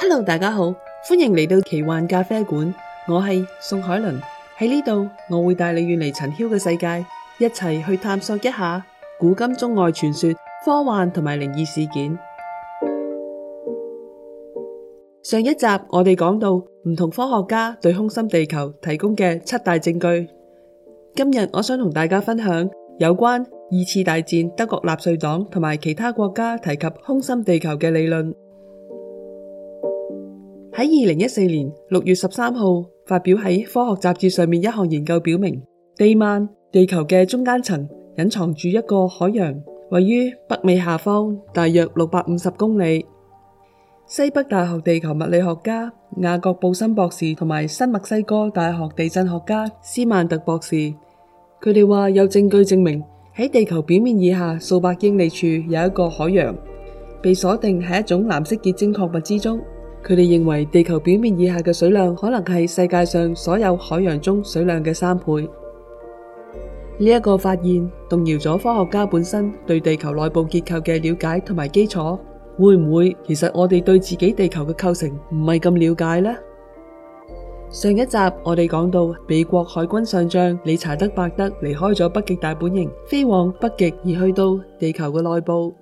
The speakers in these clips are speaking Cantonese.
hello，大家好，歡迎嚟到奇幻咖啡館，我係宋海倫，喺呢度，我會帶你遠離塵囂嘅世界，一齊去探索一下古今中外傳說、科幻同埋靈異事件。上一集我哋講到唔同科學家對空心地球提供嘅七大證據，今日我想同大家分享有關二次大戰德國納粹黨同埋其他國家提及空心地球嘅理論。喺二零一四年六月十三號發表喺科學雜誌上面一項研究，表明地幔，地球嘅中間層隱藏住一個海洋，位於北美下方大約六百五十公里。西北大學地球物理學家亞國布森博士同埋新墨西哥大學地震學家斯曼特博士，佢哋話有證據證明喺地球表面以下數百英里處有一個海洋，被鎖定喺一種藍色結晶礦物之中。佢哋認為地球表面以下嘅水量可能係世界上所有海洋中水量嘅三倍。呢一個發現動搖咗科學家本身對地球內部結構嘅了解同埋基礎，會唔會其實我哋對自己地球嘅構成唔係咁了解呢？上一集我哋講到美國海軍上將理查德伯德離開咗北極大本營，飛往北極而去到地球嘅內部。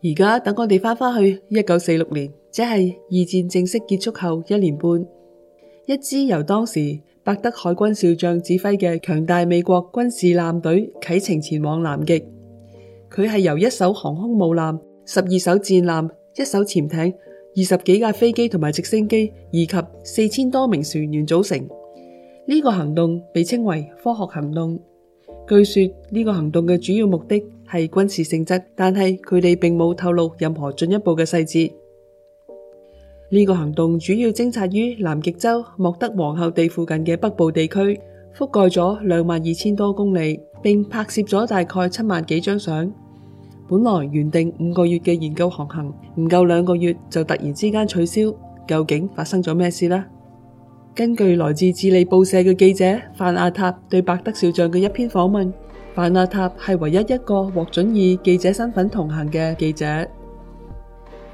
而家等我哋翻返去一九四六年。即係二戰正式結束後一年半，一支由當時伯德海軍少將指揮嘅強大美國軍事艦隊啟程前往南極。佢係由一艘航空母艦、十二艘戰艦、一艘潛艇、二十幾架飛機同埋直升機，以及四千多名船員組成。呢、這個行動被稱為科學行動。據說呢、這個行動嘅主要目的係軍事性質，但係佢哋並冇透露任何進一步嘅細節。呢個行動主要偵察於南極洲莫德皇后地附近嘅北部地區，覆蓋咗兩萬二千多公里，並拍攝咗大概七萬幾張相。本來原定五個月嘅研究航行，唔夠兩個月就突然之間取消，究竟發生咗咩事呢？根據來自智利報社嘅記者范亞塔對伯德少將嘅一篇訪問，范亞塔係唯一一個獲准以記者身份同行嘅記者。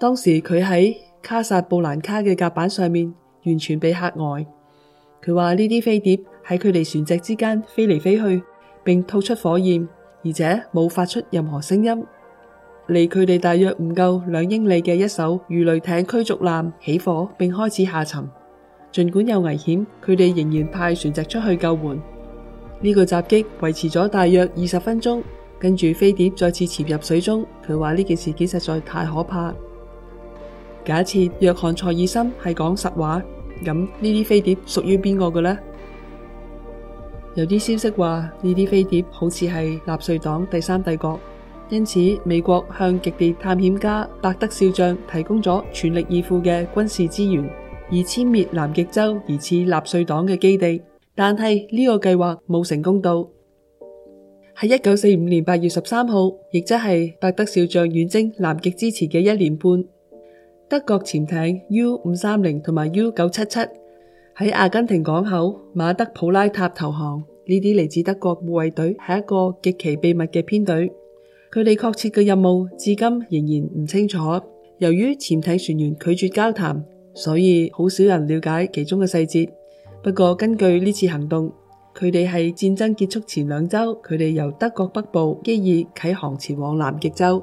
當時佢喺卡薩布蘭卡嘅甲板上面，完全被嚇呆。佢話呢啲飛碟喺佢哋船隻之間飛嚟飛去，並吐出火焰，而且冇發出任何聲音。離佢哋大約唔夠兩英里嘅一艘魚雷艇驅逐艦起火，並開始下沉。儘管有危險，佢哋仍然派船隻出去救援。呢個襲擊維持咗大約二十分鐘，跟住飛碟再次潛入水中。佢話呢件事件實在太可怕。假設約翰蔡爾森係講實話，咁呢啲飛碟屬於邊個嘅呢？有啲消息話呢啲飛碟好似係納粹黨第三帝國，因此美國向極地探險家伯德少將提供咗全力以赴嘅軍事資源，以殲滅南極洲疑似納粹黨嘅基地。但係呢個計劃冇成功到，喺一九四五年八月十三號，亦即係伯德少將遠征南極之前嘅一年半。德國潛艇 U 五三零、同埋 U 九七七喺阿根廷港口馬德普拉塔投降，呢啲嚟自德國護衛隊係一個極其秘密嘅編隊，佢哋確切嘅任務至今仍然唔清楚。由於潛艇船員拒絕交談，所以好少人了解其中嘅細節。不過根據呢次行動，佢哋係戰爭結束前兩周，佢哋由德國北部基爾啟航前往南極洲。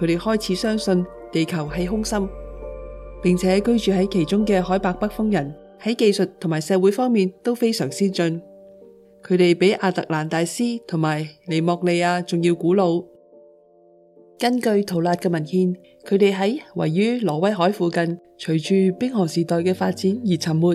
佢哋開始相信地球係空心，並且居住喺其中嘅海伯北風人喺技術同埋社會方面都非常先進。佢哋比亞特蘭蒂斯同埋尼莫利亞仲要古老。根據圖勒嘅文獻，佢哋喺位於挪威海附近，隨住冰河時代嘅發展而沉沒。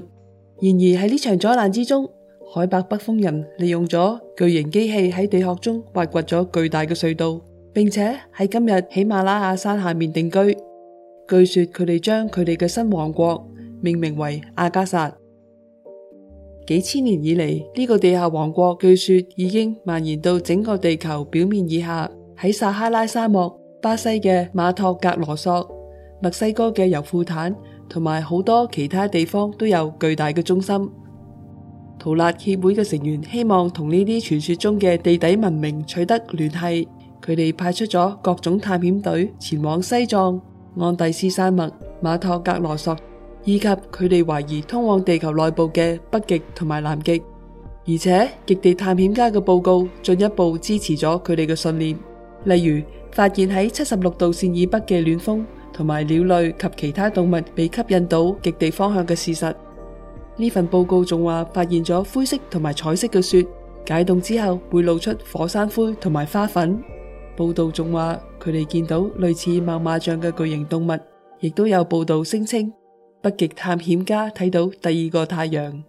然而喺呢場災難之中，海伯北風人利用咗巨型機器喺地殼中挖掘咗巨大嘅隧道。並且喺今日喜馬拉雅山下面定居。據說佢哋將佢哋嘅新王國命名為阿加薩。幾千年以嚟，呢個地下王國據說已經蔓延到整個地球表面以下。喺撒哈拉沙漠、巴西嘅馬托格羅索、墨西哥嘅尤庫坦同埋好多其他地方都有巨大嘅中心。圖勒協會嘅成員希望同呢啲傳說中嘅地底文明取得聯繫。佢哋派出咗各種探險隊前往西藏、安第斯山脈、馬托格羅索，以及佢哋懷疑通往地球內部嘅北極同埋南極。而且極地探險家嘅報告進一步支持咗佢哋嘅信念，例如發現喺七十六度綫以北嘅暖風，同埋鳥類及其他動物被吸引到極地方向嘅事實。呢份報告仲話發現咗灰色同埋彩色嘅雪，解凍之後會露出火山灰同埋花粉。報道仲話佢哋見到類似猛獁象嘅巨型動物，亦都有報道聲稱北極探險家睇到第二個太陽。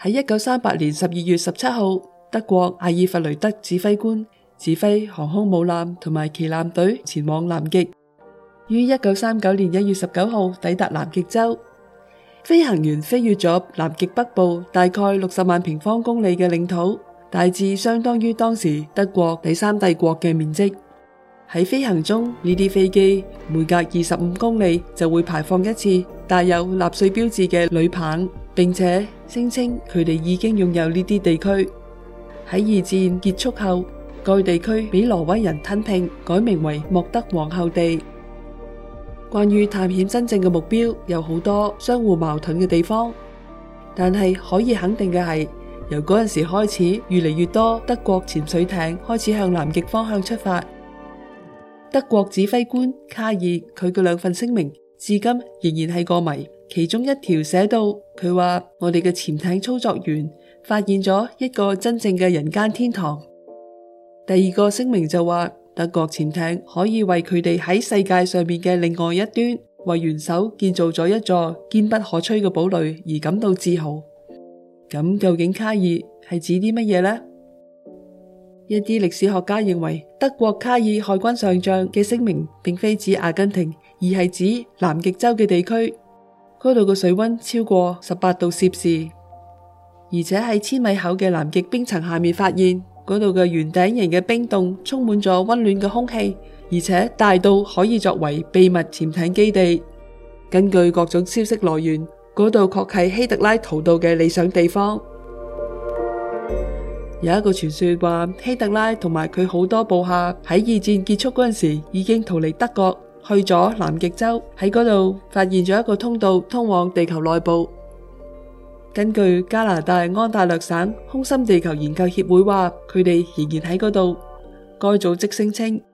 喺一九三八年十二月十七號，德國阿爾弗雷德指揮官指揮航空母艦同埋旗艦隊前往南極，於一九三九年一月十九號抵達南極洲。飛行員飛越咗南極北部大概六十萬平方公里嘅領土。大致相當於當時德國第三帝國嘅面積。喺飛行中，呢啲飛機每隔二十五公里就會排放一次帶有納粹標誌嘅鋁棒，並且聲稱佢哋已經擁有呢啲地區。喺二戰結束後，該地區俾挪威人吞併，改名為莫德皇后地。關於探險真正嘅目標，有好多相互矛盾嘅地方，但係可以肯定嘅係。由嗰陣時開始，越嚟越多德國潛水艇開始向南極方向出發。德國指揮官卡爾佢嘅兩份聲明至今仍然係個謎。其中一條寫到，佢話：我哋嘅潛艇操作員發現咗一個真正嘅人間天堂。第二個聲明就話：德國潛艇可以為佢哋喺世界上面嘅另外一端為元首建造咗一座堅不可摧嘅堡壘而感到自豪。咁究竟卡爾係指啲乜嘢呢？一啲歷史學家認為，德國卡爾海軍上將嘅聲明並非指阿根廷，而係指南極洲嘅地區。嗰度嘅水温超過十八度攝氏，而且喺千米厚嘅南極冰層下面發現，嗰度嘅圓頂型嘅冰洞充滿咗温暖嘅空氣，而且大到可以作為秘密潛艇基地。根據各種消息來源，嗰度確係希特拉逃到嘅理想地方。有一個傳說話，希特拉同埋佢好多部下喺二戰結束嗰陣時已經逃離德國，去咗南極洲，喺嗰度發現咗一個通道通往地球內部。根據加拿大安大略省空心地球研究協會話，佢哋仍然喺嗰度。該組織聲稱。